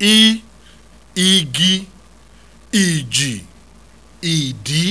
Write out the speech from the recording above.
i igi ìjì ìdí